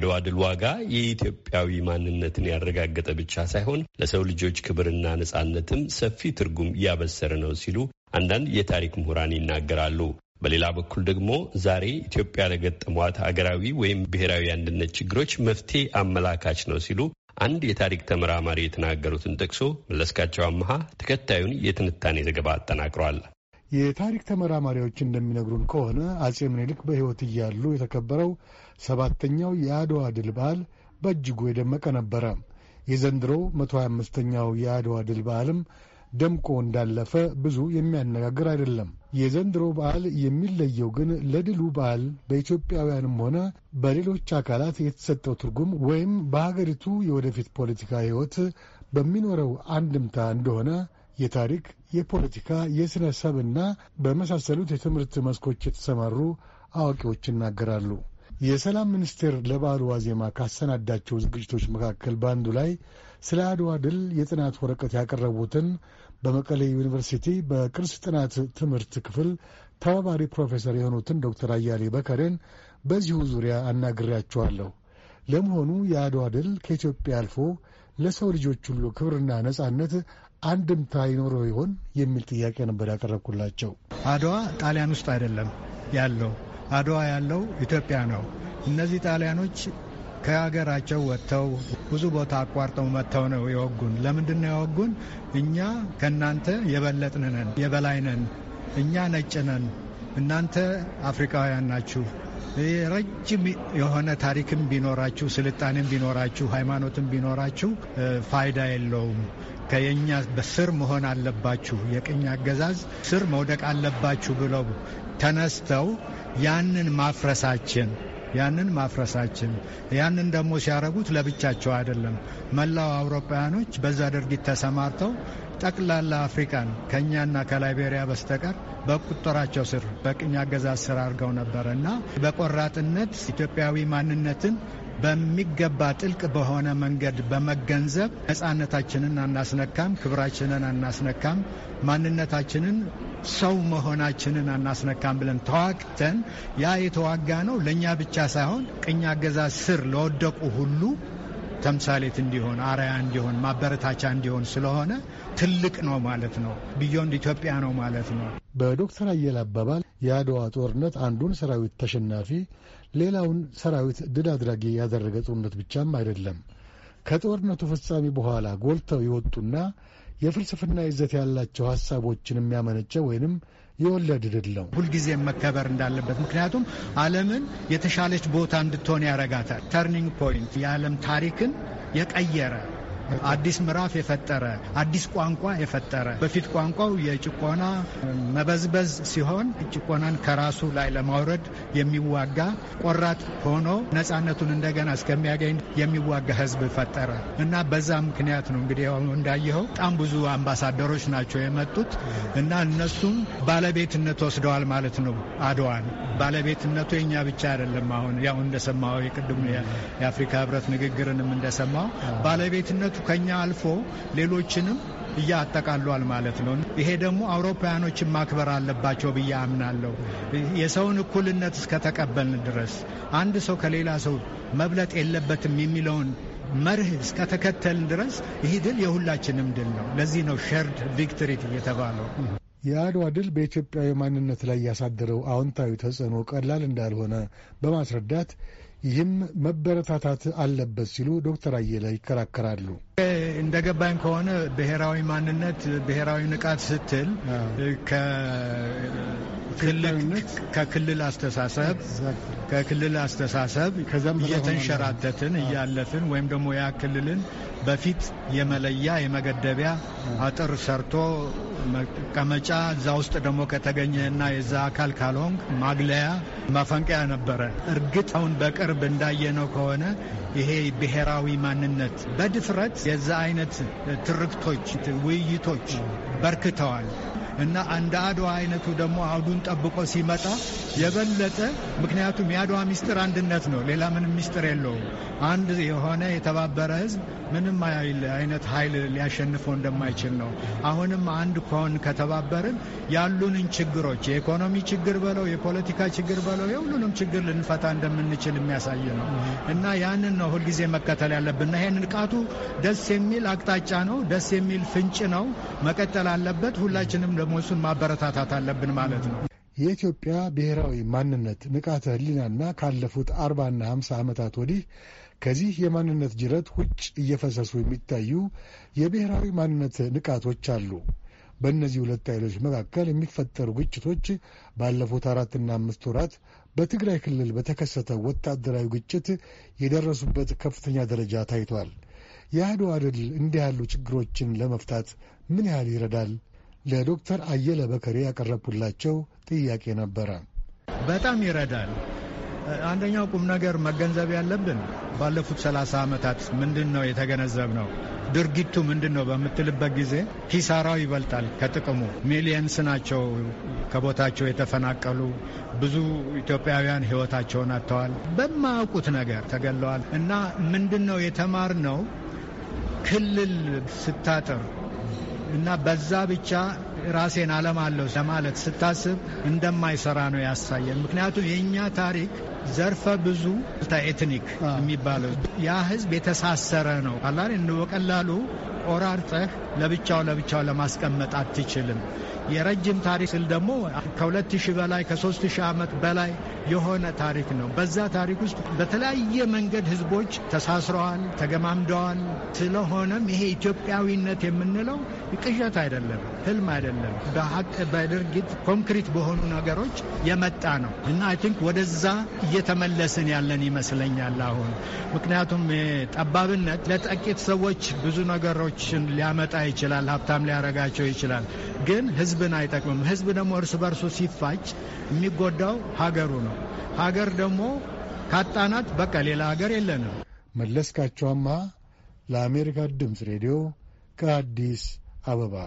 የአድዋ ድል ዋጋ የኢትዮጵያዊ ማንነትን ያረጋገጠ ብቻ ሳይሆን ለሰው ልጆች ክብርና ነጻነትም ሰፊ ትርጉም እያበሰረ ነው ሲሉ አንዳንድ የታሪክ ምሁራን ይናገራሉ። በሌላ በኩል ደግሞ ዛሬ ኢትዮጵያ ለገጠሟት አገራዊ ወይም ብሔራዊ አንድነት ችግሮች መፍትሄ አመላካች ነው ሲሉ አንድ የታሪክ ተመራማሪ የተናገሩትን ጠቅሶ መለስካቸው አመሃ ተከታዩን የትንታኔ ዘገባ አጠናቅሯል። የታሪክ ተመራማሪዎች እንደሚነግሩን ከሆነ አጼ ምኒልክ በሕይወት እያሉ የተከበረው ሰባተኛው የአድዋ ድል በዓል በእጅጉ የደመቀ ነበረ። የዘንድሮው መቶ 5 አምስተኛው የአድዋ ድል በዓልም ደምቆ እንዳለፈ ብዙ የሚያነጋግር አይደለም። የዘንድሮ በዓል የሚለየው ግን ለድሉ በዓል በኢትዮጵያውያንም ሆነ በሌሎች አካላት የተሰጠው ትርጉም ወይም በሀገሪቱ የወደፊት ፖለቲካ ሕይወት በሚኖረው አንድምታ እንደሆነ የታሪክ፣ የፖለቲካ፣ የሥነ ሰብና በመሳሰሉት የትምህርት መስኮች የተሰማሩ አዋቂዎች ይናገራሉ። የሰላም ሚኒስቴር ለበዓሉ ዋዜማ ካሰናዳቸው ዝግጅቶች መካከል በአንዱ ላይ ስለ አድዋ ድል የጥናት ወረቀት ያቀረቡትን በመቀሌ ዩኒቨርሲቲ በቅርስ ጥናት ትምህርት ክፍል ተባባሪ ፕሮፌሰር የሆኑትን ዶክተር አያሌ በከሬን በዚሁ ዙሪያ አናግሬያቸዋለሁ። ለመሆኑ የአድዋ ድል ከኢትዮጵያ አልፎ ለሰው ልጆች ሁሉ ክብርና ነጻነት አንድምታ ይኖረው ይሆን የሚል ጥያቄ ነበር ያቀረብኩላቸው። አድዋ ጣሊያን ውስጥ አይደለም ያለው፣ አድዋ ያለው ኢትዮጵያ ነው። እነዚህ ጣሊያኖች ከሀገራቸው ወጥተው ብዙ ቦታ አቋርጠው መጥተው ነው የወጉን። ለምንድን ነው የወጉን? እኛ ከእናንተ የበለጥን ነን፣ የበላይ ነን፣ እኛ ነጭ ነን እናንተ አፍሪካውያን ናችሁ። ረጅም የሆነ ታሪክም ቢኖራችሁ፣ ስልጣኔም ቢኖራችሁ፣ ሃይማኖትም ቢኖራችሁ ፋይዳ የለውም። ከየኛ በስር መሆን አለባችሁ፣ የቅኝ አገዛዝ ስር መውደቅ አለባችሁ ብለው ተነስተው ያንን ማፍረሳችን ያንን ማፍረሳችን ያንን ደግሞ ሲያደርጉት ለብቻቸው አይደለም። መላው አውሮፓውያኖች በዛ ድርጊት ተሰማርተው ጠቅላላ አፍሪካን ከእኛና ከላይቤሪያ በስተቀር በቁጥጥራቸው ስር በቅኝ አገዛዝ ስር አድርገው ነበረ እና በቆራጥነት ኢትዮጵያዊ ማንነትን በሚገባ ጥልቅ በሆነ መንገድ በመገንዘብ ነፃነታችንን አናስነካም፣ ክብራችንን አናስነካም፣ ማንነታችንን ሰው መሆናችንን አናስነካም ብለን ተዋግተን ያ የተዋጋ ነው ለእኛ ብቻ ሳይሆን ቅኝ አገዛዝ ስር ለወደቁ ሁሉ ተምሳሌት እንዲሆን አርአያ እንዲሆን ማበረታቻ እንዲሆን ስለሆነ ትልቅ ነው ማለት ነው። ቢዮንድ ኢትዮጵያ ነው ማለት ነው። በዶክተር አየል አባባል የአድዋ ጦርነት አንዱን ሰራዊት ተሸናፊ ሌላውን ሰራዊት ድል አድራጊ ያደረገ ጦርነት ብቻም አይደለም። ከጦርነቱ ፍጻሜ በኋላ ጎልተው የወጡና የፍልስፍና ይዘት ያላቸው ሐሳቦችን የሚያመነጨ ወይንም የወለድ ድል ነው። ሁልጊዜ መከበር እንዳለበት ምክንያቱም ዓለምን የተሻለች ቦታ እንድትሆን ያረጋታል። ተርኒንግ ፖይንት የዓለም ታሪክን የቀየረ አዲስ ምዕራፍ የፈጠረ አዲስ ቋንቋ የፈጠረ በፊት ቋንቋው የጭቆና መበዝበዝ ሲሆን ጭቆናን ከራሱ ላይ ለማውረድ የሚዋጋ ቆራጥ ሆኖ ነፃነቱን እንደገና እስከሚያገኝ የሚዋጋ ህዝብ ፈጠረ እና በዛ ምክንያት ነው እንግዲህ እንዳየኸው በጣም ብዙ አምባሳደሮች ናቸው የመጡት እና እነሱም ባለቤትነት ወስደዋል ማለት ነው። አድዋን ባለቤትነቱ የኛ ብቻ አይደለም። አሁን ያው እንደሰማው የቅድሙ የአፍሪካ ህብረት ንግግርንም እንደሰማው ባለቤትነቱ ከኛ አልፎ ሌሎችንም እያጠቃሏል ማለት ነው። ይሄ ደግሞ አውሮፓውያኖችን ማክበር አለባቸው ብዬ አምናለሁ። የሰውን እኩልነት እስከተቀበልን ድረስ አንድ ሰው ከሌላ ሰው መብለጥ የለበትም የሚለውን መርህ እስከተከተልን ድረስ ይህ ድል የሁላችንም ድል ነው። ለዚህ ነው ሸርድ ቪክትሪት እየተባለው የአድዋ ድል በኢትዮጵያዊ ማንነት ላይ ያሳደረው አዎንታዊ ተጽዕኖ ቀላል እንዳልሆነ በማስረዳት ይህም መበረታታት አለበት ሲሉ ዶክተር አየለ ይከራከራሉ። እንደገባኝ ከሆነ ብሔራዊ ማንነት ብሔራዊ ንቃት ስትል ከክልል አስተሳሰብ ከክልል አስተሳሰብ እየተንሸራተትን እያለፍን ወይም ደግሞ ያ ክልልን በፊት የመለያ የመገደቢያ አጥር ሰርቶ መቀመጫ እዛ ውስጥ ደግሞ ከተገኘና የዛ አካል ካልሆንክ ማግለያ ማፈንቀያ ነበረ። እርግጥ አሁን በቅርብ እንዳየነው ከሆነ ይሄ ብሔራዊ ማንነት በድፍረት የዛ አይነት ትርክቶች፣ ውይይቶች በርክተዋል። እና እንደ አድዋ አይነቱ ደግሞ አውዱን ጠብቆ ሲመጣ የበለጠ ምክንያቱም የአድዋ ሚስጥር አንድነት ነው። ሌላ ምንም ሚስጥር የለውም። አንድ የሆነ የተባበረ ህዝብ ምንም አይነት ኃይል ሊያሸንፈው እንደማይችል ነው። አሁንም አንድ ከሆን ከተባበርን ያሉንን ችግሮች የኢኮኖሚ ችግር በለው፣ የፖለቲካ ችግር በለው፣ የሁሉንም ችግር ልንፈታ እንደምንችል የሚያሳይ ነው እና ያንን ነው ሁልጊዜ መከተል ያለብንና ይህን ንቃቱ ደስ የሚል አቅጣጫ ነው። ደስ የሚል ፍንጭ ነው። መቀጠል አለበት ሁላችንም ደግሞ እሱን ማበረታታት አለብን ማለት ነው። የኢትዮጵያ ብሔራዊ ማንነት ንቃተ ህሊናና ካለፉት አርባና ሀምሳ ዓመታት ወዲህ ከዚህ የማንነት ጅረት ውጭ እየፈሰሱ የሚታዩ የብሔራዊ ማንነት ንቃቶች አሉ። በእነዚህ ሁለት ኃይሎች መካከል የሚፈጠሩ ግጭቶች ባለፉት አራትና አምስት ወራት በትግራይ ክልል በተከሰተው ወታደራዊ ግጭት የደረሱበት ከፍተኛ ደረጃ ታይቷል። የአድዋ ድል እንዲህ ያሉ ችግሮችን ለመፍታት ምን ያህል ይረዳል ለዶክተር አየለ በከሬ ያቀረብኩላቸው ጥያቄ ነበረ። በጣም ይረዳል። አንደኛው ቁም ነገር መገንዘብ ያለብን ባለፉት ሰላሳ ዓመታት ምንድን ነው የተገነዘብ ነው ድርጊቱ ምንድን ነው በምትልበት ጊዜ ኪሳራው ይበልጣል ከጥቅሙ። ሚሊየንስ ናቸው ከቦታቸው የተፈናቀሉ። ብዙ ኢትዮጵያውያን ሕይወታቸውን አጥተዋል። በማያውቁት ነገር ተገለዋል። እና ምንድን ነው የተማር ነው ክልል ስታጥር እና በዛ ብቻ ራሴን አለማለሁ ለማለት ስታስብ እንደማይሰራ ነው ያሳየን። ምክንያቱም የእኛ ታሪክ ዘርፈ ብዙ ኤትኒክ የሚባለው ያ ህዝብ የተሳሰረ ነው። አላ በቀላሉ ቆራርጠህ ለብቻው ለብቻው ለማስቀመጥ አትችልም። የረጅም ታሪክ ስል ደግሞ ከሁለት ሺህ በላይ ከሶስት ሺህ ዓመት በላይ የሆነ ታሪክ ነው። በዛ ታሪክ ውስጥ በተለያየ መንገድ ህዝቦች ተሳስረዋል፣ ተገማምደዋል። ስለሆነም ይሄ ኢትዮጵያዊነት የምንለው ቅዠት አይደለም፣ ህልም አይደለም። በሀቅ በድርጊት ኮንክሪት በሆኑ ነገሮች የመጣ ነው እና አይ ቲንክ ወደዛ እየተመለስን ያለን ይመስለኛል አሁን። ምክንያቱም ጠባብነት ለጥቂት ሰዎች ብዙ ነገሮችን ሊያመጣ ይችላል፣ ሀብታም ሊያረጋቸው ይችላል፣ ግን ህዝብን አይጠቅምም። ህዝብ ደግሞ እርስ በርሱ ሲፋጭ የሚጎዳው ሀገሩ ነው። ሀገር ደግሞ ካጣናት በቃ ሌላ ሀገር የለንም። መለስካቸዋማ ለአሜሪካ ድምፅ ሬዲዮ ከአዲስ አበባ